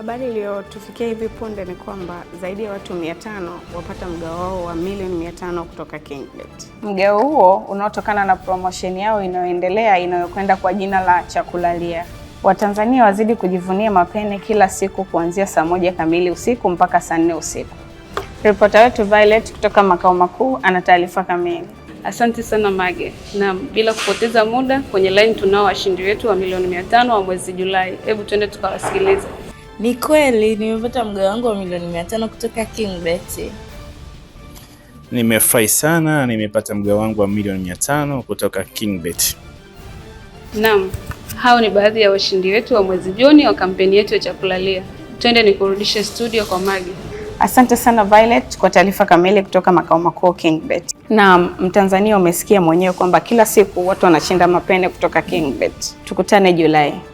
Habari iliyotufikia hivi punde ni kwamba zaidi ya watu 500 wapata mgao wao wa milioni 500 kutoka Kinglet. Mgao huo unaotokana na promotion yao inayoendelea inayokwenda kwa jina la Chakulalia. Watanzania wazidi kujivunia mapene kila siku kuanzia saa moja kamili usiku mpaka saa nne usiku. Ripota wetu Violet kutoka makao makuu ana taarifa kamili. Asante sana Mage. Naam, bila kupoteza muda kwenye line tunao washindi wetu wa milioni 500 wa mwezi Julai. Hebu twende tukawasikiliza. Ni kweli nimepata mgao wangu wa milioni mia tano kutoka KingBet. Nimefurahi sana, nimepata mgao wangu wa milioni mia tano kutoka KingBet. Naam, hao ni baadhi ya washindi wetu wa mwezi Juni wa kampeni yetu ya chakulalia. Twende nikurudishe studio kwa Magi. Asante sana Violet kwa taarifa kamili kutoka makao makuu KingBet. Naam, Mtanzania umesikia mwenyewe kwamba kila siku watu wanashinda mapene kutoka KingBet. Tukutane Julai.